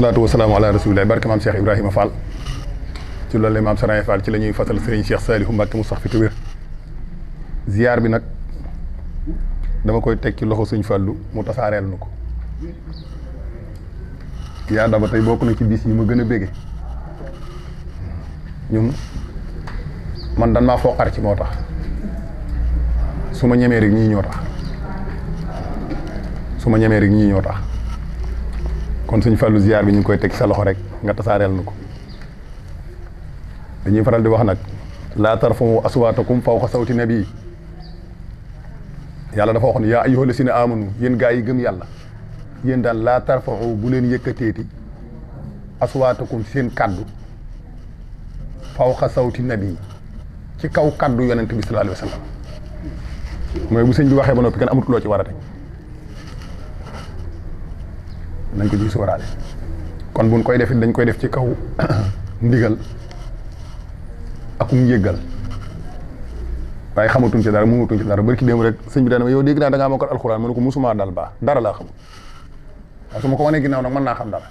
wasalaatu wasalaamu ala rasulillah barke maam Cheikh Ibrahima Fall ci loolu la maam Sarañ Fall ci la ñuy fasal sëriñ Cheikh Saliou Mbacke mu sax fi tuwér ziar bi nag dama koy teg ci loxo suñ fàllu tasaareel nu ko yaa daba tey bokk ci bis yi ma gën a bége ñun man dan maa foqar ci moo tax su ma ñemee rek ñii ñoo tax su ma ñemee rek ñii ñoo tax kon suñ fàllu ziar bi ñu ngi koy teg sa loxo rek nga tasaareel na ko dañuy faral di wax nag laa tarfamu aswaatakum fawqa sawti nabi yàlla dafa wax ne yaa ayyuha lasina amanu yéen gaa yi gëm yàlla yéen daal laa tarfaxu bu leen yëkkateeti aswaatakum seen kaddu fawqa sawti nabi ci kaw kaddu yonent bi sallallahu alayhi wa sallam mooy bu sëñ bi waxee ba noppi kenn amut loo ci war a teg nañ ko ci sóoraale kon buñ koy def dañ koy def ci kaw ndigal akum yeggal waaye xamatuñ ci dara mu ngutuñ ci dara barki dem rek señ bi dana yow dégg na da ngaa mokkal alquran mënu ko musuma dal ba dara la xam waaye su ko wone ginaaw nak man na xam dara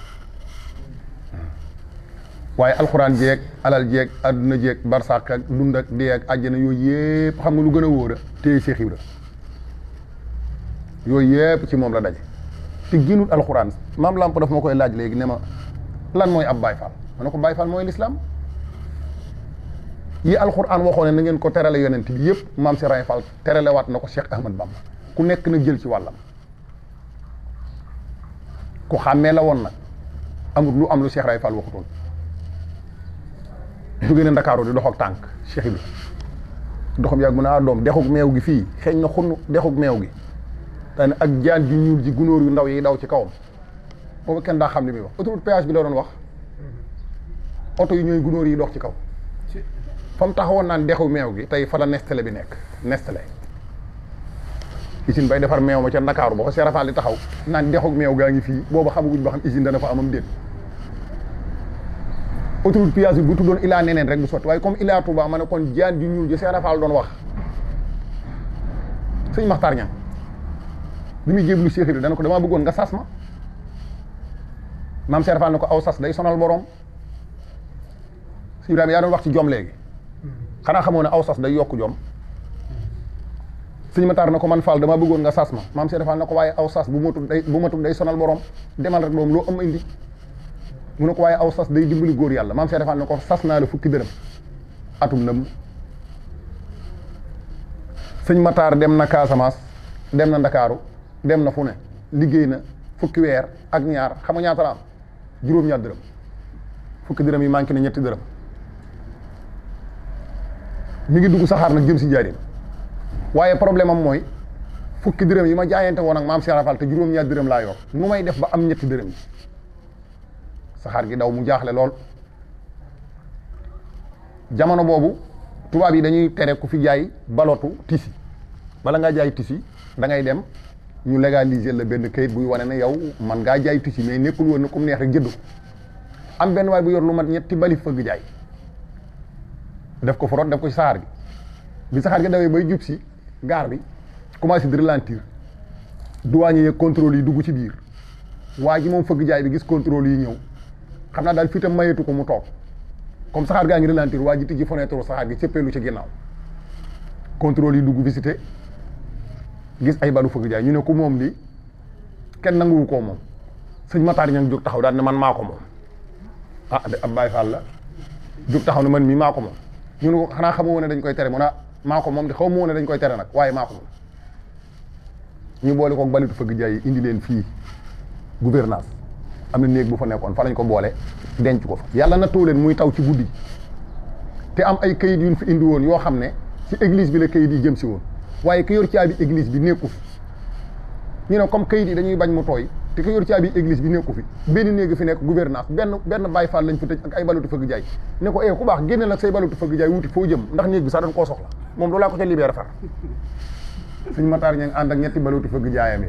waye alquran jeek alal jeeg àdduna jeeg barsàq ak dund ak di ak aljana yoy yépp xam nga lu gëna a wóor Cheikh Ibra yoy yépp ci mom la dajé te génnul alxuraan maam lamp daf ma koy laaj léegi ne ma lan mooy ab Baay Faal ma ne ko Baay Faal mooy lislaam yi alxuraan waxoo ne na ngeen ko terale yonent bi yëpp maam si Ray Fall terale waat na ko Cheikh Ahmad Bamba ku nekk na jël ci wàllam ku xàmmee la woon nag amul lu am lu Cheikh Ray Fall waxutoon jóge na Ndakaaru di dox ak tànk Cheikh Ibrahima doxam yàgg mu ne ah doom dexug meew gi fii xeeñ na xunn dexug meew gi daan ak jaan ju ñuul ji gunóor yu ndaw yi daw ci kawam boobu kenn daa xam ni muy wax autoroute bi la doon wax oto yi ñooy gunóor yi dox ci kaw fa taxawoon naan dexu meew gi tey fa la Nestlé nekk Nestlé usine bay defar meew ma Ndakaaru ba ko seerafaal taxaw naan dexu meew gaa ngi fii boobu xamaguñ ba xam usine dana fa amam déet autoroute péage bi bu tuddoon ilaa neneen rek du sotti waaye comme ilaa Touba ma ne kon jaan ju ñuul ji seerafaal doon wax bi muy jéblu Cheikh Ibrahima dana ko damaa bëggoon nga sas ma maam Cheikh Fall na ko aw sas day sonal borom Cheikh Ibrahima yaa wax ci jom léegi xanaa xamoo ne aw sas day yokk jom sëñ Matar na ko man Fall damaa bëggoon nga sas ma maam Cheikh Fall na ko waaye aw sas bu matul day bu matul sonal borom demal rek moom loo am indi mun ne ko waaye aw sas day dimbali góor yàlla maam Cheikh Fall na ko sas naa la fukki dërëm atum lëm sëñ mataar dem na Casamance dem na Ndakaaru dem na fu ne liggéey na fukki weer ak ñaar xam nga ñaata juróom-ñaar dërëm fukki dërëm yi manqué na ñetti dërëm mi ngi dugg saxaar nag jëm si njaarim waaye problème am mooy fukki dërëm yi ma jaayante woon ak maam Cheikh Rafal te juróom-ñaar dërëm laa yor nu may def ba am ñetti dërëm yi saxaar gi daw mu jaaxle lool jamono boobu tubaab yi dañuy tere ku fi jaay balotu tisi bala ngaa jaay tisi dangay dem ñu légaliser la benn kayit buy wane na yow man ngaa jaay tissu mais nekkul woon na comme neex rek jënd ko am benn waay bu yor lu man ñetti bali fëgg jaay def ko forot def ko ci saxaar gi bi saxaar gi dawee bay jub si gaar bi commencé di ralentir douanier yeeg contrôle yi dugg ci biir waa ji moom fëgg jaay bi gis contrôle yi ñëw xam naa daal fii tam mayetu ko mu toog comme saxaar gaa ngi ralentir waa ji tijji fenêtre saxaar gi cëppeelu ci ginnaaw contrôle yi dugg gis ay badu fëgg jaay ñu ne ku moom lii kenn nanguwu koo moom sëñ Matar ña ngi taxaw daal ne man maa ko moom ah de ab Baay Faal la jóg taxaw ne man mii maa ko ñu ne ko xanaa xamoo woon ne dañ koy tere mu a ah, maa moom de xaw ma woon ne dañ koy tere nag waaye maa ñu boole koog balitu fëgg jaay yi indi leen fii gouvernance am na néeg bu fa nekkoon fa lañ ko boole denc ko fa yàlla na tóo leen muy taw ci guddi te am ay kayit yuñ fi indi woon yoo xam ne si eglise bi la kayit yi jëm si waye ki yor abi église bi nekku fi ñu ne comme kayit yi dañuy bañ mu toy te ki yor abi église bi nekku fi benn néegi fi nekk gouvernance benn benn Baay fall lañ fi tej ak ay balutu fëgg jaay ne ko eh ku baax génne nak say balutu fëgg jaay wuti fo jëm ndax neeg bi sa dañ ko soxla moom loolaa ko ca libéré far suñ ma tar ñang and ak ñetti balutu fëgg jaay yi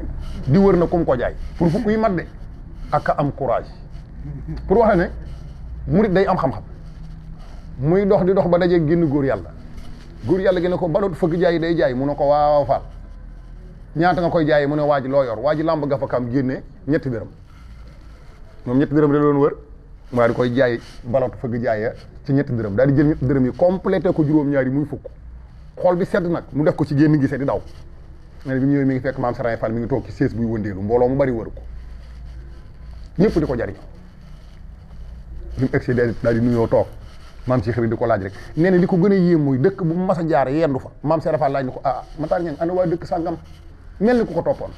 di wër na kum ko jaay pour fu kuy mat de ak am courage pour wax ne mourid day am xam-xam muy dox di dox ba dajé genn goor yalla góor yàlla gi ne ko badoot fëgg jaay day jaay mu ne ko waaw faal ñaata nga koy jaayee mu ne waa ji loo yor waa ji làmb gafa kam génne ñetti dërëm moom ñetti dërëm da doon wër maa di koy jaay balot fëgg jaaya ci ñetti dërëm daal jël ñetti dërëm yi complété ko juróom-ñaari muy fukk xool bi sedd nag mu def ko ci génn gisee di daw ne bi mu ñëwee mi ngi fekk maam Sarañ Fall mi ngi toog ci sées buy wëndeelu mbooloo mu bari ko ñëpp di ko jariñ bi mu egsi daal di nuyoo toog mam Cheikh di ko laaj rek nee liko gëna ko gën a yéem mooy dëkk bu mas a jaar yendu fa mam Cheikh rafa laaj na ko ah tar Ñang ana wa dëkk sangam melni ko ah, ko topon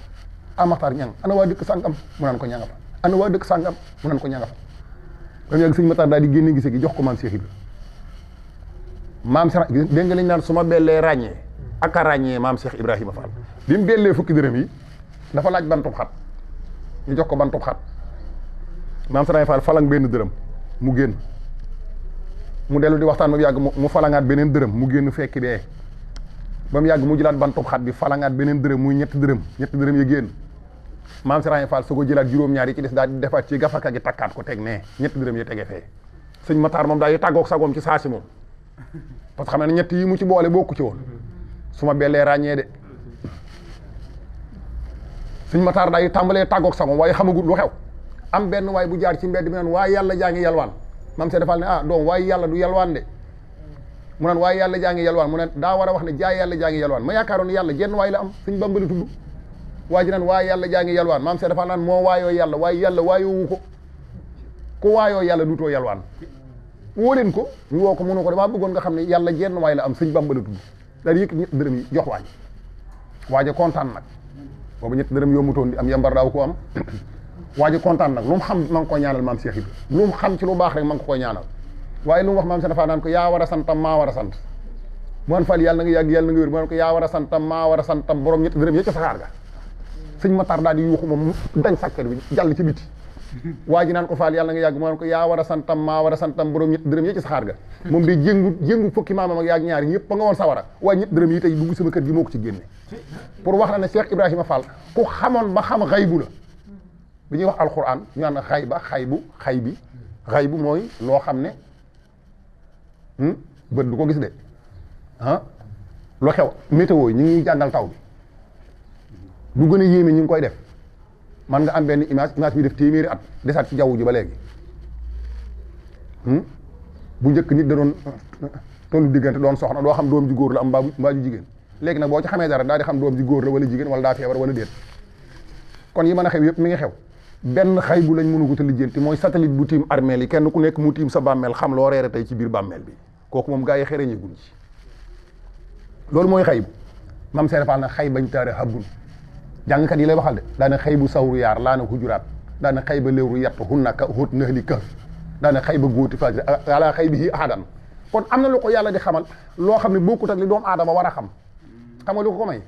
ah tar Ñang ana wa dëkk sangam mu nan ko ñanga fa ana wa dëkk sangam mu nan ko ñanga fa ba mu yàgg Matar daal di génne gise gi jox ko mam Cheikh Ibra mam Cheikh dégg lañ naan suma ma bellee ak a Cheikh ibrahim Fall bi mu fukki dërëm yi dafa laaj bantu xat ñu jox ko bantu xat mam Cheikh Fall falang benn dërëm mu génn mu delu di waxtan mu yag mu falangat benen deureum mu gennu fekk be bam yag mu jilat bantou khat bi falangat benen deureum muy ñetti deureum ñetti deureum ya genn mam si Fall sugo jilat juroom ci dess daal di defat ci gafaka gi takkat ko tek ne ñetti deureum ya tege fe sëñ Matar moom daal taggo ak sagom ci saasi mom parce que ne ñett yi mu ci boole bokku ci won suma ma rañé de sëñ Matar daal tambalé taggo ak sagom way xamagul lu xew am benn way bu jaar ci mbedd mi way yalla jaangi yalwal maam Seydou Fall ne ah doom waaye yàlla du yalwaan de mu naan waaye yàlla jaa ngi yalwaan mu ne daa war a wax ne jaay yàlla jaa yalwaan ma yaakaaroon ne yàlla jenn waay la am suñ bambali tudd waa ji naan waaye yàlla jaa ngi yalwaan maam Seydou Fall naan moo waayoo yàlla waaye yàlla ko ku waayoo yàlla duutoo yalwaan woo leen ko ñu woo ko mënu ko damaa bëggoon nga xam ne yàlla jenn waay la am suñ bambali tudd daal yëkk ñett dërëm yi jox waaj waaja kontaan nag boobu ñett dërëm yombutoon di am yamba daaw ko am waji kontan nang lum lu xam mang ko ñaanal mam Cheikh Ibra lu xam ci lu bax rek mang ko ñaanal waye lu wax mam Cheikh dafa nan ko ya wara santam ma wara sant mu fal yalla nga yag yalla nga wër mu ko ya wara santam ma wara santam borom ñetti dërëm ya ci saxaar ga señ ma tar di yuuxu moom dañ sàkkar bi jall ci biti waji nan ko fal yalla nga yag ko ya wara santam ma wara santam borom dërëm ci ga fukki ak yag ñaar ñepp nga won sawara way ñet dërëm yi tay duggu sama kër gi moko ci génne pour wax la Cheikh Ibrahima Fall ku xamone ba xam ghaibu la bi ñuy wax alquran ñu naan xay ba xay bu xay bi xay bu mooy loo xam ne hmm, bët du ko gis de ah lu xew météo yi ñu ngi jàngal taw bi lu gën a yéeme ñu ngi koy def man nga am benn image image bi def téeméeri at desaat ci jaww ji ba léegi hmm? bu njëkk nit da doon tollu diggante doon soxna doo xam doom ji góor am mbaa mbaa ju jigéen léegi nag boo ci xamee dara daal di xam doom ji góor la wala jigéen wala daa feebar wala déet kon yi man a xew yëpp mi ngi xew ben xaybu lañ mënu ko te lijjanti mooy satellite bu tiim armée li kenn ku nek mu tiim sa bammel xam lo reere tay ci bir bammel bi kooku moom gaa yi guñ ci lool moy xaybu mam seerefal na xay bañ taare jang jàngkat yi lay waxal de da na bu sawru yar la na hujurat da na ba lewru yap hunaka hut naxli kër daana xay ba góoti ala xay adam kon amna lu ko yàlla di xamal lo xamni bokut ak li doom aadama wara xam xamal lu ko may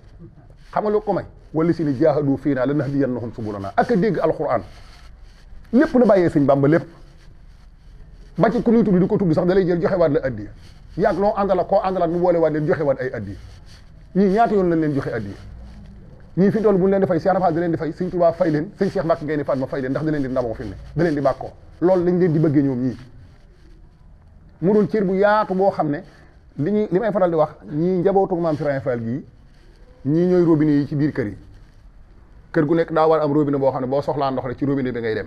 xamal lu ko may wala si ni jaahadu fii naa la nahdiyannahum subulana ak a dégg alquran lépp la bàyyee sëñ bàmba lépp ba ci ku ñuy tudd di ko tudd sax da lay jël joxewaat la addiya yàgg loo àndala ko àndalaat mu boole boolewaat leen joxewaat ay addiya ñii ñaata yoon lañ leen joxe addiya ñii fi toll bu ñu leen di fay Cheikh Rafal da leen di fay sëñ Tuubaa fay leen sëñ Cheikh Mbàkke Gaynde Fatma fay leen ndax da leen di ndamoo fi ne da leen di bàkkoo loolu lañ leen di bëggee ñoom ñii bu yaatu boo xam ne li li may faral di wax ñii njabootu maam si Rafal ñii ñooy robinet yi ci biir kër yi kër gu nek da war am robinet bo xamne bo soxla ndox rek ci robinet bi ngay dem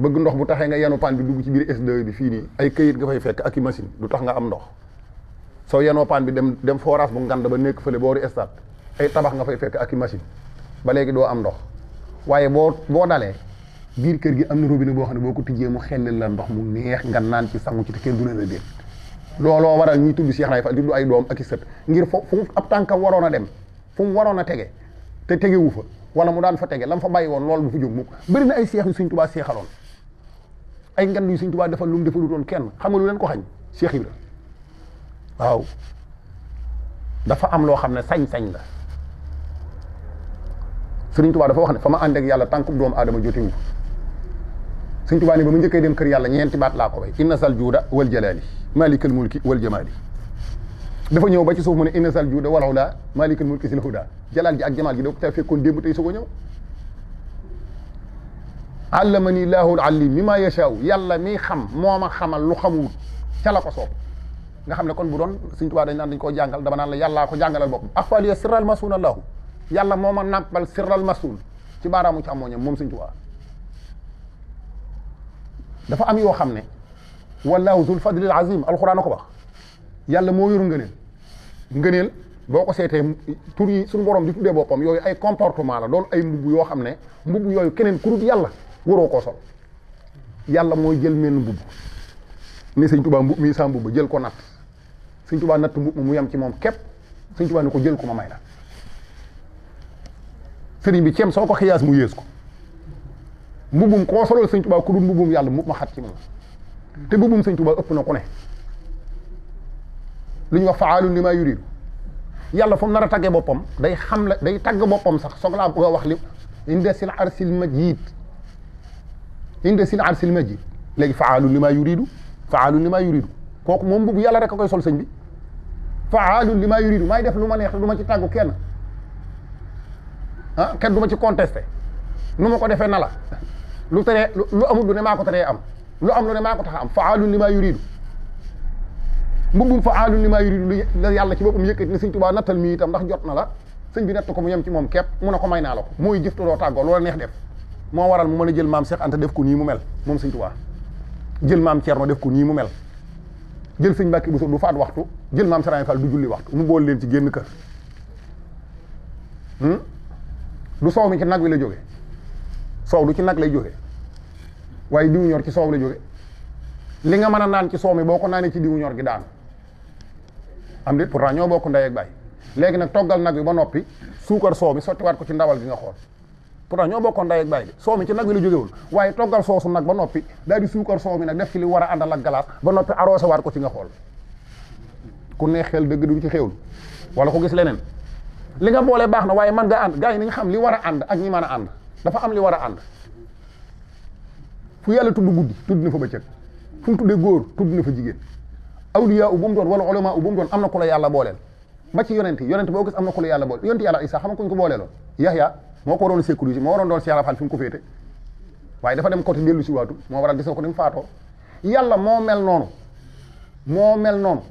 bëgg ndox bu taxé nga yanu pan bi dugg ci biir S2 bi fi ni ay këyit nga fay fekk ak machine du tax nga am ndox so yanu pan bi dem dem forage bu ngand ba nekk fële boori stade ay tabax nga fay fekk ak machine ba légui do am ndox waye bo bo dalé biir kër gi am na robinet bo xamne ne tijé mu xellil la ndox mu neex nga naan ci sangu ci te kenn du ne la déet looloo waral ñuy tuddu Cheikh Naye di du ay doom ak seut ngir fu ab tanka warona dem fu warona waroon tege te tegewu fa wala mu daan fa tege lam fa bàyyi woon loolu du fa jóg mukk bëri na ay seex yu Sëñ Tuubaa seexaloon ay ngan yu Sëñ Tuubaa lu mu defalutoon kenn xam nga lu leen ko xañ Seex Ibra waaw dafa am loo xam ne sañ-sañ la Sëriñ Tuubaa dafa wax ne fa ma ànd ak yàlla tànkub doomu aadama jotewu Sëriñ Tuubaa ne ba ma njëkkee dem kër yàlla ñeenti baat laa ko way inna sal juuda wal jalaali malikal mulki wal jamaali dafa ñëw ba ci suuf mu ne inna sal juuda wal ula malikul mulki sil huda jalal ji ak jamal ji do ko te fekkoon démb tey su ko ñëw allamani laahu alim mima ma yàlla mi xam moma xamal lu xamul ca la ko soob nga xam ne kon bu doon seigne touba dañ nan dañ ko jàngal dama nan la yalla ko jàngalal bop boppam ya sirral masul allah yàlla moma ma nàmpal sirral masul ci baramu ci amooñam moom suñ tubaa dafa am yo xamne wallahu zul fadlil azim alquran a ko wax yàlla mo wéru ngëneel ngëneel boo ko seetee tur yi suñu borom di tuddee boppam yooyu ay comportement la doon ay mbubb yoo xam ne mbubb yooyu keneen ku dul yàlla waroo koo sol yàlla mooy jël menn mbubb ni sëñ tubaa mbubb mii saa mbubb jël ko natt sëñ tubaa natt mbubb mu yem ci moom képp sëñ tubaa ni ko jël ko ma may la sëriñ bi ceem soo ko xiyaas mu yées ko mbubbum koo solol sëñ tubaa ku dul mbubbum yàlla mu ma xat ci moom te mbubbum sëñ tubaa ëpp na ku ne lu ñuy wax faalun li maa yuridu yàlla fu mu nar a day xam la day tagg boppam sax soxlaa nga wax li inda arsil majid inda arsil majid léegi faalun li maa yuridu faalun li maa yuridu kooku moom boobu yàlla rek koy sol sëñ bi faalun li maa yuridu maay def lu ma neex du ma ci tàggu kenn ah kenn du ci contesté nu ma ko defee na la lu teree lu amul lu ne maa ko am lu am lu ne maa ko am faalun li maa yuridu mbubbum fa aalu ni maa yuridu la yàlla ci boppam yëkkati ne sëñ tubaa nattal mi itam ndax jot na la sëñ bi nett ko mu yem ci moom képp mu ne ko may naa la ko mooy jëf doo tàggoo loola neex def moo waral mu mën a jël maam Cheikh Anta def ku nii mu mel moom sëñ tubaa jël maam Thierno def ko nii mu mel jël sëñ Mbàkke Buso du faat waxtu jël maam Sëriñ Fall du julli waxtu mu bool leen ci génn kër hmm? du soow mi ci nag wi la jóge soow du ci nag lay jóge waaye diwu ñor ci soow la jóge li nga mën a naan ci soow mi boo ko naanee ci diwu ñor gi daan am di pourtant ñoo bokk ndey ak baay léegi nag toggal nag bi ba noppi suukar soow mi sottiwaat ko ci ndawal bi nga xool pourtant ñoo bokkoon ndey ak baay bi soow ci nag bi la jógewul waaye toggal soosu nag ba noppi daal di suukar soow mi nag def ki li war a àndal ak galaas ba noppi arrosé waat ko ci nga xool ku ne xel dëgg du ci xewul wala ko gis leneen li nga boole baax na waaye man nga ànd gars yi nañ xam li war a ànd ak ñi mën a ànd dafa am li war ànd fu yàlla tudd guddi tudd na fa bëccëg góor tudd na fa jigéen awliya u bu mu wala ulama u bu mu doon am la yàlla bolel ma ci yonenti yonenti bo gis amna na la yàlla bolel yonenti yàlla isa xam ko kuñ ko bolelo yahya moo ko waroon sécuriser moo waroon doon Cheikh Rafal fim ko fete waye dafa dem côté delu ci watu mo waral gis ko ni faato yàlla mo mel non mo mel non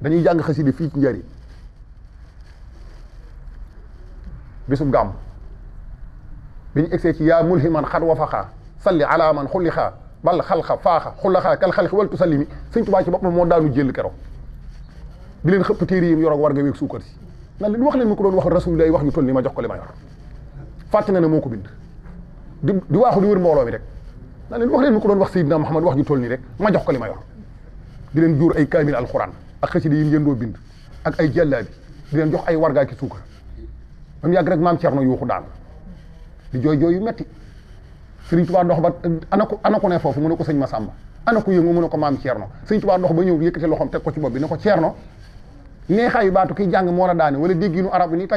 dañuy jàng xaside fi ci ndari bisum gam biñu exé ci ya mulhiman wa fakha salli ala man khulikha bal xalxa faaxa xullaxaa kal xalxi wal tusalimi sëñ tubaa ci boppam moo daanu jël keroog di leen xëpp téere yim yorog war nga weeg suukar si nan leen wax leen mi ko doon wax rasulillah wax ñu toll ni ma jox ko li ma yor fàtte na ne moo ko bind di di waaxu di wër mbooloo mi rek nan leen wax leen mi ko doon wax sayidina muhammad wax ñu toll ni rek ma jox ko li ma yor di leen juur ay kaamil alquran ak xëcc di yim yëndoo bind ak ay jàllaabi di leen jox ay wargaa ki suukar ba mu yàgg rek maam Ceerno yuuxu daanu di jooy jooy yu metti Sëriñ Tuubaa dox ba ana ko ana ko ne foofu mu ne ko sëñ Masamba ana ko yëngu mu ne ko maam Thierno Sëriñ Tuubaa dox ba ñëw yëkkati loxoom teg ko ci bopp bi ne ko Thierno neexaayu baatu kiy jàng moo la daane wala dégginu arab ne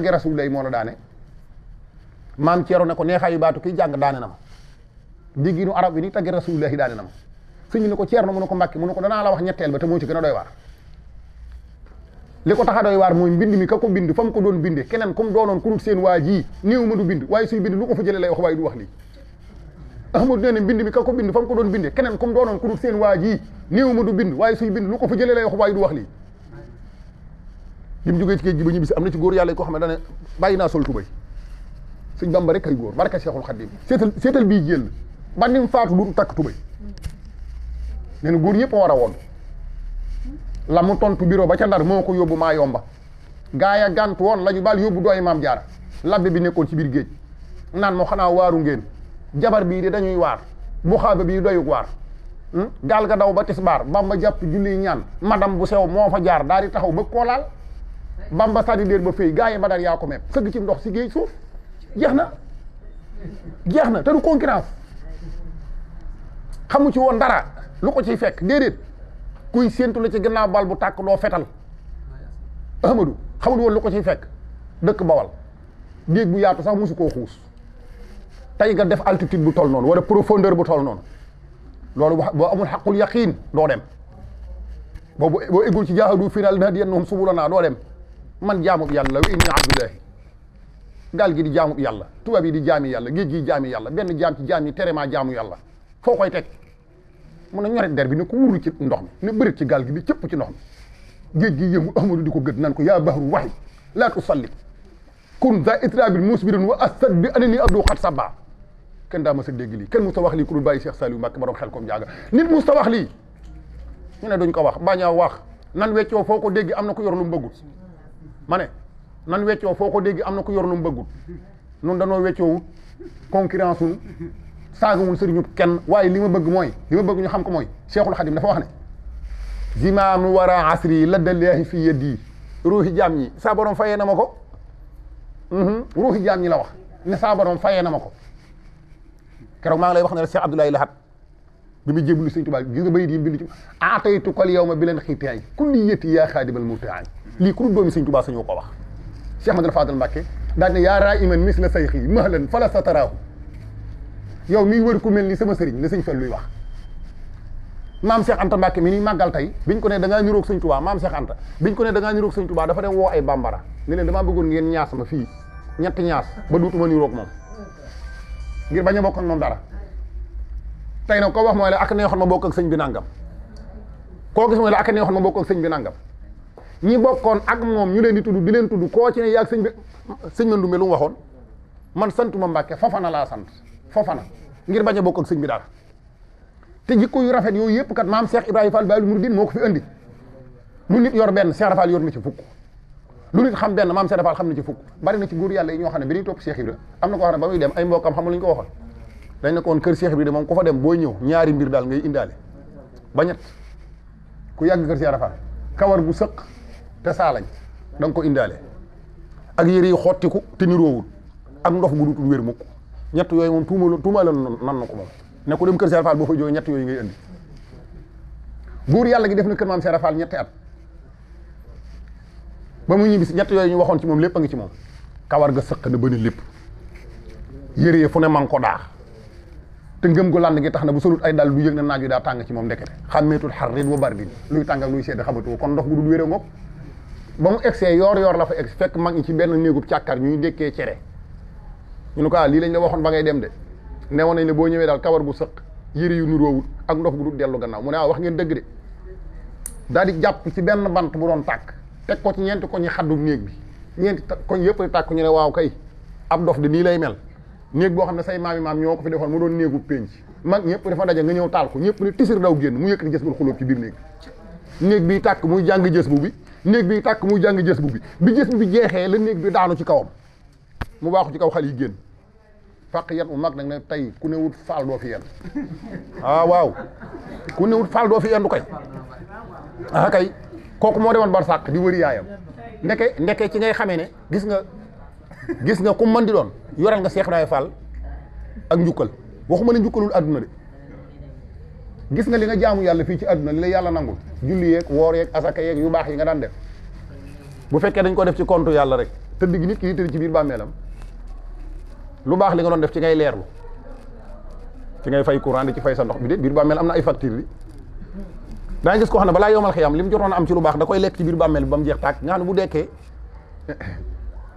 ko neexaayu baatu ki jàng daane na ma dégginu arab bi ta tagge Rasulullah daane na ma sëñ bi ne ko Thierno mu ne ko Mbàkke mu ne ko danaa la wax ñetteel ba te moo ci gën a doy waar li ko tax a doy waar mooy mbind mi ka ko bind fa wax waaye Ahmadu nee ne mbind mi ka ko bind fa ko doon binde keneen comme doonoon ku dul seen waa ji néew du bind waaye suy bind lu ko fa jëlee lay wax waaye du wax lii bi mu jógee ci géej ba ñibbi si am na góor yàlla yi koo xam ne dane bàyyi naa sol tubay sëñ Bamba rek kay góor barka Seexul Xaddim seetal seetal bii jël ba ni faatu du takk tubay nee na góor yëpp war a woon la mu tontu bureau ba ca ndar moo ko yóbbu maa yomba gaa ya woon la ñu baal yóbbu dooy maam jaara labbe bi nekkoon ci biir géej naan moo xanaa waaru ngeen jabar bi di dañuy waar buxaaba bii doyuk hmm gal ga daw ba tisbaar bamba japp julli ñaan madam bu sew mo fa jaar daal taxaw ba koo laal bamba sànni déer ba fey gaay yi badar ko feug ci ndox ci geey suuf jeexna na te du concurrence xamu ci won dara lu ko ci fekk dedet kuy sentu la ci gannaaw bal bu tak doo fetal ahmadou xamul won lu ko ci fekk dekk bawal geeg bu yaatu sax musu ko xoos tey nga def altitude bu toll noonu wala profondeur bu toll noonu loolu wax boo amul xaqul yaqiin doo dem boobu boo eggul ci jaahadu fi lanahdiyannahum subulanaa doo dem man jaamub yàlla wa inni abdullahi gaal gi di jaamub yàlla tubaab yi di jaami yàlla géej gi jaami yàlla benn jaam ci jaam yi terema jaamu yàlla foo koy teg mun na ñoret der bi ne ko wurlu ci ndox mi ne bërit ci gaal gi di cëpp ci ndox mi géej gi di ko gëdd naan ko ya bahru waxi laa tusalli kun za itrabil musbirin wa asad bi anani abdu كان دا ما سدغ لي كان مصطفى خلي كول باي شيخ سالي مك مروم خالكم جاغا نيت مصطفى خلي ني لا دوج كو واخ نان ويتيو فوكو دغي امنا كو يور لوم بغوت ماني نان ويتيو فوكو دغي امنا كو يور لوم نون دانو ويتيو كونكورانسون ساغون سيرنيو كين واي ليما بغ موي ليما بغ ني خامكو موي شيخ الخديم دا فا واخني عصري لد الله في يدي روحي جامي سا بوروم فاي نامكو جامي لا واخ ني سا بوروم keroog maa ngi lay wax ne la Cheikh Abdoulaye Lahat bi muy jébbalu Sëñ Tuubaa gis nga bayit yi bind ci aataytu kal yow ma bi leen xiitaay kulli yëtti yaa xaadimal murtaay lii ku dul doomi Sëñ Tuubaa sañoo ko wax Cheikh Ahmadou Fadal Mbàkke daal ne yaa raa iman mis la sayxi mahlan fala sa taraahu yow miy wër mel ni sama sëriñ la sëñ Fallu luy wax maam Cheikh Anta Mbàkke mi ni màggal tey biñ ko ne dangaa ngaa niroog Sëñ Tuubaa maam Cheikh Anta biñ ko ne da ngaa niroog Sëñ Tuubaa dafa dem woo ay bambara ne leen damaa bëggoon ngeen ñaas ma fii ñetti ñaas ba duutuma niroog moom ngir bañ a bokk ak moom dara tey nag ko wax mooy la ak neexoon ma bokk ak sëñ bi nangam koo gis ak neexoon ma bokk ak sëñ bi nangam ñi bokkoon ak moom ñu leen di tudd di leen tudd ko ci ak yaag sëñ bi sëñ Mandoumbe lu mu waxoon man santu santuma Mbàkke Fofana laa sant Fofana ngir bañ a bokk ak sëñ bi dara te jikko yu rafet yooyu yëpp kat maam Cheikh Ibrahima Fall Baal Mouridine moo ko fi andi lu nit yor benn Cheikh Rafal yor na ci fukk. lu nit xam ben maam sa defal xam na ci fuk bari na ci nguur yalla yi ñoo xamne bi ni top Cheikh Ibra amna ko xamne ba muy dem ay mbokam xamul lu ko waxal dañ na ko won keur Cheikh Ibra mom ku fa dem booy ñew ñaari mbir dal ngay indaale ba ñett ku yàgg keur cheikh Faal kawar bu sekk te sa lañ nga ko indaale ak yére yi xottiku te rowul ak ndox gu dutul wer mu ko ñet yoy mom tuma lu tuma tuumalan nan nako mom ne ko dem keur cheikh Faal boo fa joy ñet yoy ngay indi nguur yalla gi def na keur maam cheikh Faal ñet at ba mu ñibbisi ñett yooyu ñu waxoon ci moom lépp a ngi ci moom kawar ga lépp yére yi fu ne man ko daax te ngëm gu lànd gi tax na bu solut ay dal du yëg na naaj wi daa tàng ci moom ndekete xàmmeetul xarrit wa bardin luy tàng ak luy sedd xamatu kon ndox gu dul wéré ngoog ba mu egsee yoor yoor la fa egsi fekk mag ñi ci benn néegub càkkar ñuy dékkee cere ñu ne ko ah, lii lañ la waxoon ba ngay dem de newoon nañ ne boo ñëwee daal kawar gu sëq yére yu nuroowut ak ndox gu dul dellu gannaaw mu ne waaw ah, wax ngeen dëgg de daal di jàpp ci benn bant bu doon tàkk teg ko ci ñeenti koñ yi xaddu néeg bi ñeenti koñ yëpp a tàkk ñu ne waaw kay ab dof di nii lay mel néeg boo xam ne say maami maam ñoo ko fi defoon mu doon néegu pénc mag ñëpp fa daje nga ñëw taal ko ñëpp ni tisir daw génn mu yëkkati jës bul néeg néeg tàkk muy jàng jës bu bi néeg bi tàkk muy jàng jës bu bi bi jës bu bi jeexee la néeg bi daanu ci kawam mu baaxu ci kaw xal yi génn fàq yan mu mag nag ne tey ku ne wut faal doo fi yenn ah, waaw ku ne faal doo fi yenn du koy ah kay kooku moo demoon barsàq di wëri yaayam ndeke ndeke ci ngay xamee ne gis nga gis nga ku mën di doon yoral nga Cheikh Ibrahima ak njukkal waxuma ne njukkalul àdduna de gis nga li nga jaamu yàlla fii ci àdduna li la yàlla nangul julli yeeg woor yeeg asaka yeeg yu baax yi nga daan def bu fekkee dañ ko def ci compte yàlla rek tëdd gi nit ki di tëdd ci biir bàmmeelam lu baax li nga doon def ci ngay leerlu ci ngay fay courant di ci fay sa ndox bi de biir am na ay facture bi danga gis koo xam ne balaa yowmal xiyam li mu jotoon am ci lu baax da koy lekk ci biir bàmmeel bi ba mu jeex tàkk nga xam ne bu dekkee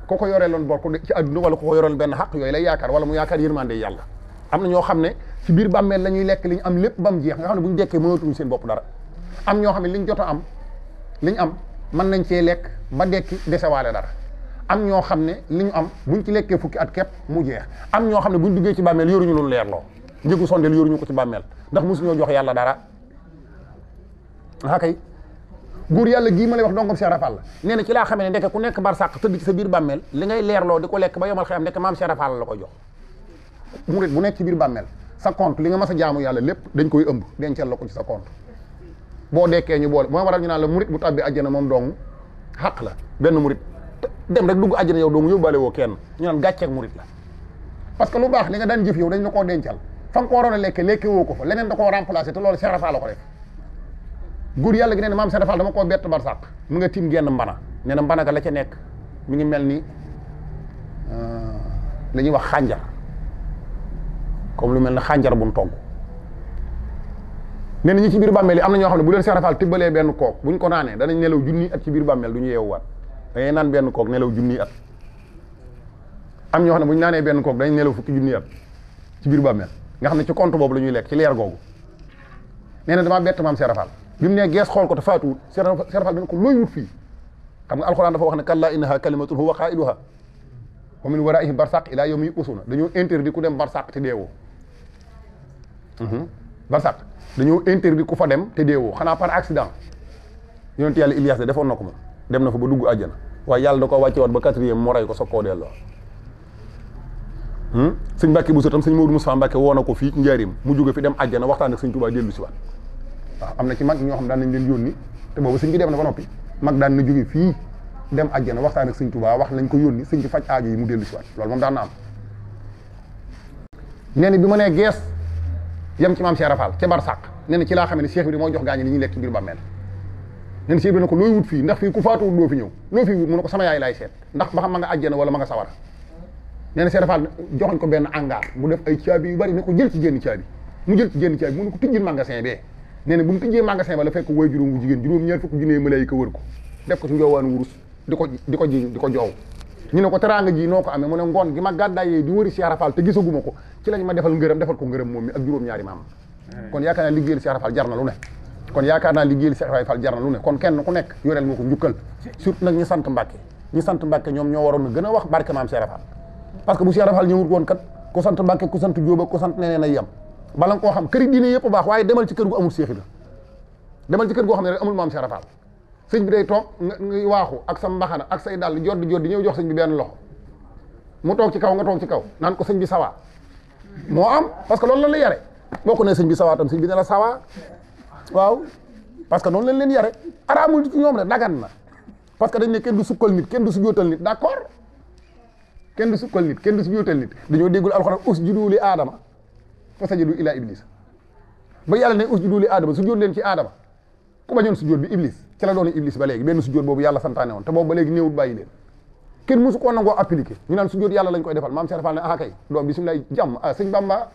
ko ko yoreeloon bor ko ci adduna wala ko ko yoreel benn xaq yooyu lay yaakaar wala mu yaakaar yërmande yàlla am na ñoo xam ne ci biir bàmmeel la ñuy lekk li ñu am lépp ba mu jeex nga xam ne bu ñu dekkee mënatuñ seen bopp dara am ñoo xam ne li ñu jot a am li ñu am man nañ cee lekk ba dekki desewaale dara am ñoo xam ne li ñu am buñ ci lekkee fukki at képp mu jeex am ñoo xam ne buñ duggee ci bàmmeel yoruñu lu leerloo njëgu sondeel yoruñu ko ci bàmmeel ndax mosuñoo jox yàlla dara ah kay góor yàlla gii ma lay wax dongom Cheikh Rafal la nee na ci laa xamee ne ndeke ku nekk barsàq tëdd ci sa biir bàmmeel li ngay leerloo di ko lekk ba yomal xëy am ndeke maam Cheikh Rafal la ko jox murit bu nekk ci biir bàmmeel sa compte li nga mas a jaamu yàlla lépp dañ koy ëmb denceel la ko ci sa compte boo dekkee ñu boole moo waral ñu naan la murit bu tàbbi àjjana moom dong xaq la benn murit dem rek dugg àjjana yow dong yóbbaale woo kenn ñu naan gàcceeg murit la lu baax li nga daan jëf yow dañ la koo dencal fa nga ko waroon a ko leneen da koo remplacé te loolu Cheikh ko def guur yàlla gi nee maam Seex Faal dama koo bett barsàq mu nga tiim genn mbana nee na mbana ga la ca nekk mi ngi mel ni euh, la wax xànjar comme lu mel ne xànjar buñ togg nee na ñi ci biir bàmmeel yi am na ñoo ne bu leen Seex Faal tibbalee benn kook buñ ko naanee danañ nelaw junniy at ci biir bàmmeel du ñu yeewuwaat naan benn kook nelaw junniy at ne bu ñu benn kook danañ nelaw fukki junniy at ci biir bàmmeel nga xam ne ci compte boobu la ñuy lekk ci leer googu nee na damaa bett maam Seex Faal bi mu nee gees xool ko te faatuwul Cheikh Fall dana ko looy wut fii xam nga alxuraan dafa wax ne kallaa innaha kalimatun huwa qaa'iluha wa min waraihim barsaq ilaa yawmi yub'asuuna dañoo interdit ku dem barsaq te deewoo mhm. barsaq dañoo interdit ku fa dem te deewoo xanaa par accident yonent yàlla Ilias de defoon na ko moom dem na fa ba dugg àjjana waaye yàlla da ko wàcce waat ba quatrième mu rey ko soog koo delloo hmm? sëñ Mbàkke bu so tam sëñ Maodo Moussa Mbàkke woo na ko fii njaarim mu jóge fi dem àjjana waxtaan ak sëñ Tuubaa dellu si waat amna am ci mag ñoo xam dañ leen yoni te bobu señ bi dem na ba nopi mag dañ na jóge fi dem aljana waxtaan ak señ Tuubaa wax lañ ko yoni señ bi fajj aaju yi mu delu ci waat lool mom da na am neene bima ne ges yam ci mam Cheikh Rafal ci Barsàq nee ci la xam Cheikh bi mo jox gañ ni ñuy lek ci biir bàmmeel Cheikh bi nako loy wut fi ndax fi ku faatuwul do fi ñew lo fi wut mu nako sama yaay lay set ndax ba xam nga aljana wala ma nga sawar neene na Cheikh Rafal joxoñ ko ben hangar mu def ay ciabi yu bari ne ko jël ci génn ciabi mu jël ci génn ciabi mu nako ko magasin be nee na bu mu tijjee magasin ba la fekk way juróom bu jigéen juróom ñaar fukk junne malaayika wër ko def ko ci njoowaan wurus di ko di ko ko joow ñu ne ko teraanga ji noo ko mu ne ngoon gi ma gàddaayee di wëri Cheikh Rafal te gisaguma ko ci lañ ma defal ngërëm defal ko ngërëm moom mi ak juróom-ñaari maam eh. kon yaakaar jar na lu ne kon yaakaar naa liggéeyal Cheikh Rafal jar na lu ne kon kenn ku nekk yoreel nga ko surtout nag ñu sant Mbàkke ñu sant Mbàkke ñoom ñoo waroon na gën a wax barke maam Cheikh Rafal parce que bu woon kat ku sant Mbàkke ku sant Jóoba ku sant neneen ay yam balang koham xam keur diine yepp bax waye demal ci keur gu amul cheikh la demal ci keur go xam rek amul maam Cheikh Rafal señ bi day tok ngi waxu ak sa mbaxana ak say dal jodd jodd ñew jox señ bi ben loxo mu tok ci kaw nga tok ci kaw nan ko señ bi sawa mo am parce que loolu lañ la yare boo ne señ bi sawa tam señ bi sawa waaw parce que non lañ leen yare ci ñom rek dagan na parce que dañ ne kenn du sukkal nit kenn du jotal nit d'accord kenn du sukkal nit kenn du jotal nit dañu degul alxuraan usjudu li adama fa sajadu illa iblis ba yàlla ne usjudu li aadama sujjóot leen ci aadama ku bañoon sujjóot bi iblis ci la doon iblis ba léegi benn sujjóot boobu yàlla santaane woon te boobu ba léegi néewut bàyyi leen kenn ñu naan sujjóot yàlla lañ koy defal maam serafal ne ah kay doom bisimilah jàmm ko ah, sëñ Bamba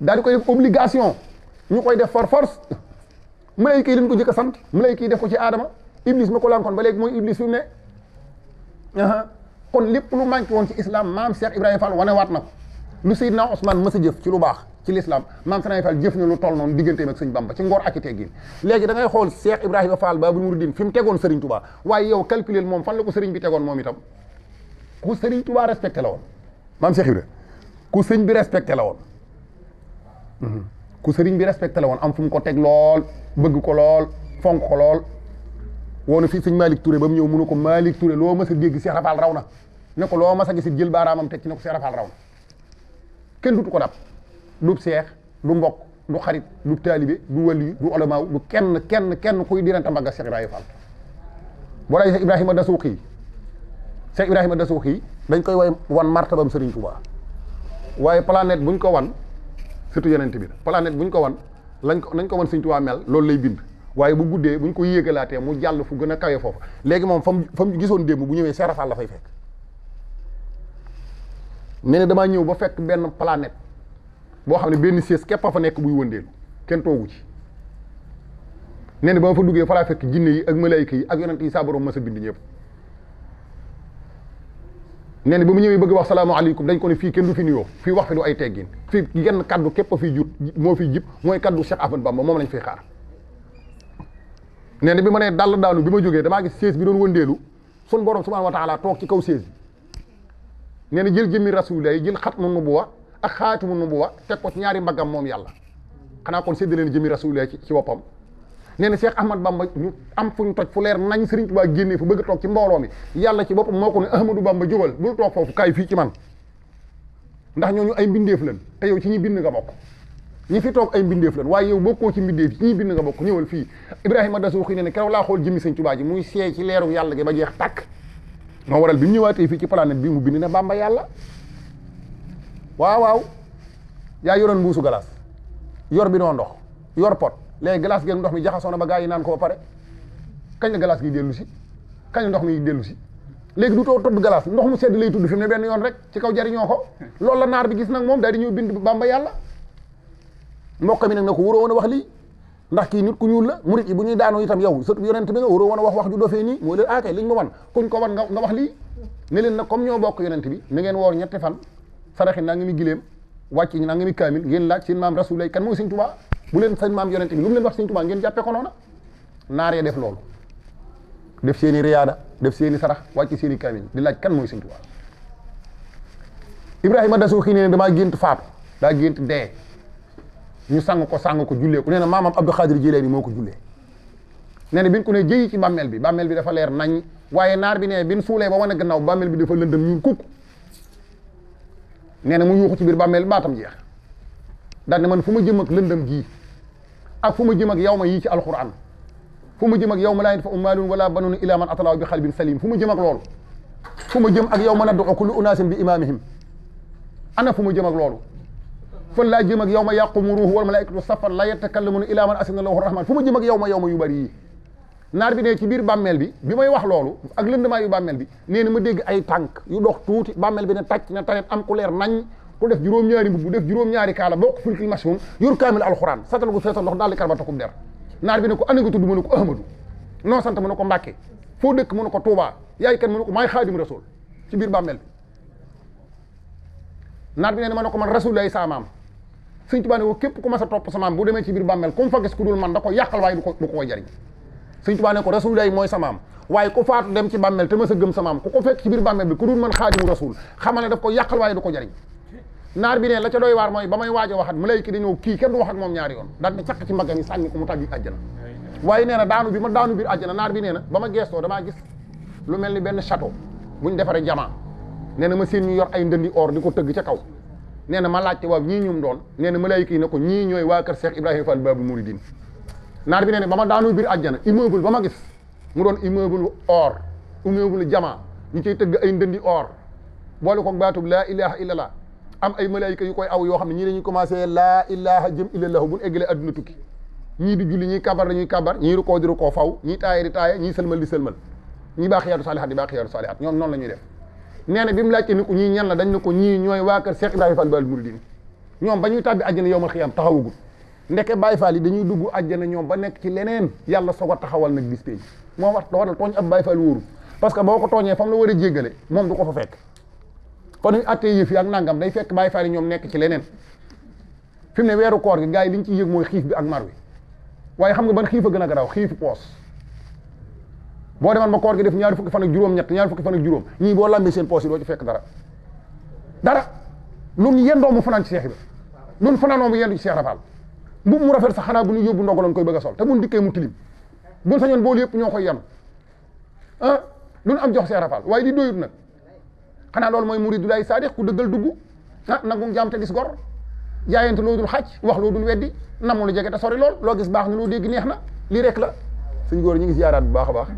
daal di koy def obligation ñu koy def par force malayka yi dañ ko jëkk a sant malayka yi def ko ci aadama iblis ma ko lankoon ba léegi mooy iblis fi mu ne kon lépp lu manqué woon ci islaam maam Cheikh Ibrahima Fall wane waat na lu Seydina Ousmane mës a jëf ci lu baax ci lislaam maam Sénégal Fall jëf na lu toll noonu digganteem ak sëñ Bamba ci ngor ak i teggin léegi da ngay xool Cheikh Ibrahima Fall Baabul Muridiin fi mu tegoon Serigne Touba waaye yow calculer moom fan la ko Serigne bi tegoon moom itam ku Serigne Touba respecté la woon maam Cheikh Ibrahima ku sëñ bi respecté la woon mhm. ku sëriñ bi respecté la woon am fu mu ko teg lool bëgg ko lool fonk ko lool woonu fii sëñ Malick Touré ko Malick Touré loo mas a dégg Cheikh Rafal loo mas a jël baaraamam teg ci ne ko Cheikh Rafal raw kenn dutu ko dab du seex du mbokk du xarit du taalibe du waliyu du olamaaw du kenn kenn kenn kuy diranta mbagga Cheikh Ibrahima Fall boo lay Cheikh Ibrahima Dasuuxi Cheikh Ibrahima Dasuuxi dañ koy way wan martabam Serigne Touba waaye planète buñ ko wan surtout yeneen bi planète buñ ko wan lañ ko ko wan Serigne Touba mel lool lay bind waaye bu guddee buñ ko yéegalaatee mu jàll fu gën a kawe foofu léegi moom fa mu fa mu gisoon démb bu ñëwee Cheikh Fall la fay fekk nee na damaa ñëw ba fekk benn planète boo xam ne benn siis képp a fa nekk buy wëndeelu kenn toogu ci nee na ba ma fa duggee fa laa fekk ak malaayka yi ak yonent yi saa borom mas a bind ñëpp nee na mu ñëwee bëgg wax salaamaaleykum dañ ko ne fii kenn du fi nuyoo fii wax fi du ay teggin fii genn kaddu képp a fiy jut moo fiy jib mooy kaddu Cheikh Ahmad Bamba moom lañ fiy xaar nee bi ma nee dàll daanu bi ma jógee damaa gis siis bi doon wëndeelu sun borom subhanahu wa toog ci kaw siis yi nee na jël jëmmi rasulillah yi jël xatmu nubuwa ak xaatimu nubuwa teg ko ci ñaari mbaggam moom yàlla xanaa kon sédd leen jëmmi rasulillah ci ci boppam nee na Cheikh Ahmad Bamba ñu am fu ñu toj fu leer nañ Sëriñ Tuubaa génnee fu bëgg toog ci mbooloo mi yàlla ci boppam moo ko ne Ahmadou Bamba jógal bul toog foofu kaay fii ci man ndax ñooñu ay mbindeef lan te yow ci ñi bind nga bokk ñi fi toog ay mbindeef lan waaye yow bokkoo ci mbindeef yi ci ñi bind nga bokk ñëwal fii Ibrahima Dasuuxi ne ne keroog laa xool jëmmi Sëriñ Tuubaa muy seey ci leeru yàlla gi ba jeex tàkk moo waral bi mu ñëwaatee fii ci planète bi mu bind ne Bamba yàlla waaw waaw yaa yoroon mbuusu galaas yor bi doon ndox yor pot léegi glace geeg ndox mi jaxasoo na ba gaa yi naan ko ba pare kañ la glace gi dellu si kañ la ndox mi dellu si léegi du too tudd glace ndox mu sedd lay tudd fi mu ne benn yoon rek ci kaw jariñoo ko lool la naar bi gis nag moom daal di ñëw bind Bamba yàlla mbokk mi nag na ko waroo woon a wax lii ndax kii nit ku ñuul la murit yi bu ñuy daanoo itam yow surtout yonent bi nga waroo a wax wax ju dofee nii moo leen aakay ah, liñ ma wan kuñ ko wan nga wax lii ne leen nag ñoo bokk yonent bi na ngeen woor ñetti fan saraxi naa ngi mi giléem wàcc naa ngi mi kaamil ngeen laaj seen maam rasulay kan mooy sëñ tubaa bu leen seen maam yonent bi lu mu leen wax sëñ tubaa ngeen jàppe ko noona naaree def loolu def seen i riyaada def seeni sarax wàcc seeni i di laaj kan mooy sëñ tubaa ibrahima dasu xi ne damaa gént faatu daa gént dee ñu sang ko sang ko julé ko néna mamam Abdou Khadir jilani moko julé néna biñ ko ne jey ci bammel bi bammel bi dafa lèr nañ waye nar bi ne biñ ñu ba wana gannaaw bammel bi dafa lëndëm ñu kuk néna mu yuuxu ci bir bammel batam jeex dal ne man fuma jëm ak lëndëm gi ak fuma jëm ak yawma yi ci alquran fuma jëm ak yawma la laa yanfa'u maalun wala banun illa man atalaahu bi xalbin salim fuma jëm ak lool fuma jëm ak yawma ma nad'u kullu unasin bi imamihim ana fuma jëm ak loolu فلا جمك يوم يقوم روح والملائكة صفر لا يتكلمون إلى من أسن الله الرحمن فما جمك يوم يوم يبري نار بني كبير بامل بي بما يوح لولو أغلن ما يو بامل بي نين مدق أي تانك يو دوخ توتي بامل بي نتاك نتاك أم كولير نان كو جروم نياري بو جروم نياري كالا بوك فلك المسهوم يور كامل القرآن ساتل غو فيصل لخ دالي كربتو كم نار بني كو أنيكو تدو منكو أحمدو نو سانت منكو مباكي فودك منكو توبا ياي كان منكو ماي خادم رسول كبير بامل نار بني نمانكو من رسول الله إسا sëñ Tuubaa ne ko képp ku mas a topp samaam bu demee ci biir bàmmeel comme fa gis ku dul man da ko yàqal waaye du ko du ko jariñ sëñ Tuubaa ko rasul day mooy samaam waaye ku faatu dem ci bàmmeel te mas a samaam ku ko fekk ci biir bàmmeel bi ku dul man xaadimu rasul xamal ne daf ko yàqal waaye du ko jariñ naar bi ne la ca mooy ba may waaj a waxat kii kenn du wax ak moom ñaari yoon daal di càq ci mbaggam yi sànni ko mu tàggi àjjana waaye nee daanu bi ma daanu biir àjjana naar bi nee na ba ma geestoo damaa gis mel ni benn château buñ defaree jamaa nee na ma seen ñu yor ay ndëndi or di ko tëgg ca kaw nee na ma laajte waaw ñii ñum doon nee na malaayika yi ne ko ñii ñooy waa kër Cheikh Ibrahima Fall Babou Mouridine naar bi nee na ba ma daanoo biir àjjana immeuble ba ma gis mu doon immeuble or immeuble jama ñu cay tëgg ay ndëndi or boole ko baatub laa ilaha illallah am ay malaayika yu koy aw yoo xam ne ñii dañuy commencé laa ilaha jëm illallahu bu ñu eggalee adduna tukki ñii di julli ñii kabar dañuy kabar ñii rukoo di rukoo faw ñii taaye di taaye ñii sëlmal di sëlmal ñii baax yaatu saalihaat di baax yaatu saalihaat ñoom noonu la ñuy def nee bi mu laajte ni ko ñii ñan la dañ ne ko ñii ñooy waa kër Cheikh Ibrahima Fall Baal Mouridine ñoom ba ñuy tàbbi àjjana yow ma xiyam taxawagul ndeke Baye Fall yi dañuy dugg àjjana ñoom ba nekk ci leneen yàlla soog a taxawal nag bis péej moom wax waral tooñ ab Baye Fall wóoru parce que boo ko tooñee fam la war a jéggale moom du ko fa fekk kon ñu attee ak nangam day fekk Baye Fall yi ñoom nekk ci leneen fi ne weeru koor gi gars yi li ñu mooy xiif bi ak mar wi waaye xam nga ban xiif a gën a garaaw xiifu poos bo demal ba koor gi def ñaar fukki fan ak juroom ñet ñaar fukki fan ak juroom ñi bo lambe seen poos do ci fekk dara dara lu ñu mu fanan ci cheikh bi lu ñu fanaanoo mu yendo ci cheikh rafal mu rafet sax xana bu ñu yóbbu ndogaloon koy bëgg sol te bu ñu mu tilim bu sañon bo lepp ñokoy yam ah lu ñu am jox cheikh rafal way di doyut nak xana lool moy mouride lay sadiq ku dëggal duggu ah nangu jam te gis gor jaayent loo dul xaj wax loo dul weddi namu lu jege ta sori lool lo gis bax ni loo dégg neexna li rek la suñ gor ñi ngi ziarat bu baax baax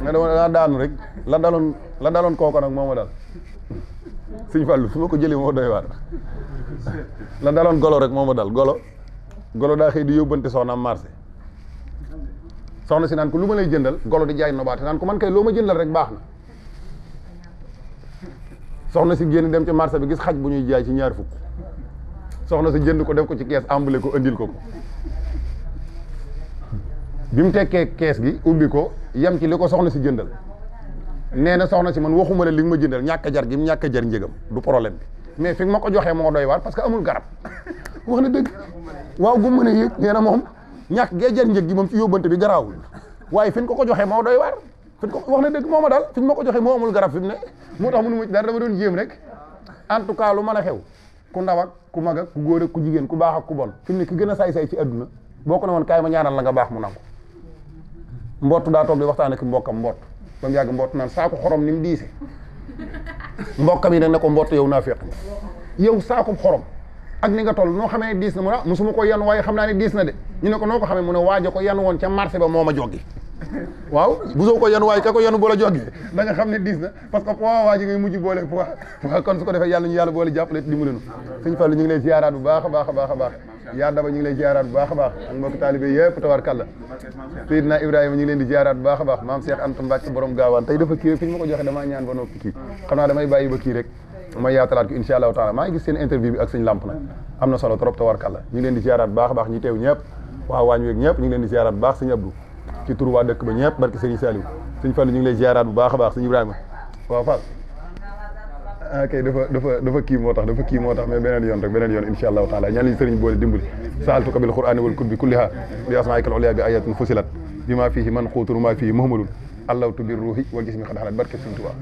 nga demoon daa daanu rek la daloon la daloon kooka nag moo ma dal Sëñ Fallu su ma ko jëlee moo doy waar la daloon golo rek moo ma dal golo golo daa xëy di yóbbante soxnaam marché soxna si naan ko lu ma lay jëndal golo di jaay nobaate naan ko man kay loo ma jëndal rek baax na soxna si génn dem ci marché bi gis xaj bu ñuy jaay ci ñaar fukk soxna si jënd ko def ko ci gees ambale ko andil ko ko bi mu tekkee kees gi ubbi ko yem ci li ko soxna si jëndal nee na soxna si man waxuma la li nga ma jëndal ñàkk jar gi mu ñàkk a jar njëgam du problème bi mais fi nga ma ko joxee moo doy waar parce que amul garab wax na dëgg waaw gu mën a yëg na moom ñàkk gee jar njëg gi moom ci yóbbante bi garaawul waaye fi nga ko ko joxee moo doy waar fi ko wax na dëgg moo ma daal fi nga ko joxee moo amul garab fi mu ne moo tax mënu ma ci dara dama doon jéem rek en tout cas lu mën a xew ku ndaw ak ku mag ak ku góor ak ku jigéen ku baax ku bon fi mu ne ki gën a say-say ci adduna boo ko ne woon kaay ñaanal la nga baax mu nangu mbott daa toog di waxtaan ak mbokkam mbott ba mu yàgg mbott naan saako xorom ni mu diise mbokkam yi nag ne ko mbott yow naa féq yow saako xorom ak ni nga toll noo xamee ne na mu ah, ko yan waaye xam naa ne na de ñu ne ko noo ko xamee mu ne waaja ko yan woon ca marché ba moo ma joggi waaw bu soo ko yan waaye ka ko yanu boole joggee da xam ne diis na parce que poids waa ji ngay mujj boole poids waaw kon su ko defee yàlla ñu yàlla boole jàppale dimbali nu suñ fàllu ñu ngi lay ziyaaraat bu baax a baax a baax baax yaa daba ñu ngi lay baax a baax ak mbokk taalibe yëpp tabarkàlla Seydina Ibrahima ñu ngi leen di ziaraat bu baax a baax maam Cheikh Anta Mbacke borom gaawaan tey ma ko joxe damaa ñaan ba noppi kii xam naa damay bàyyi ba kii rek ma yaatalaat ko insha allahu taala maa ngi gis seen interview bi ak sëñ lamp am na solo trop tabarkàlla ñu ngi leen di ziaraat baax a baax ñi teew ñëpp waa waañ weeg ñëpp ñu di ziaraat bu baax sëñ Abdou ci tur waa dëkk ba ñëpp barke sëñ Saliou sëñ Fallou ñu ngi lay baax a baax sëñ Ibrahima ah kay dafa dafa dafa kii moo tax dafa kii moo tax mais beneen yoon rek beneen yoon insha allahu taala ñaan lañu sëriñ boole dimbali saaltu ko bil qur'ani wal kutbi kulliha bi asmaika al uliya bi ayatin fusilat bi ma fihi man xuutun ma fihi muhmalun allahtu bir ruuhi wal jismi xad xalat barke sëriñ Tuubaa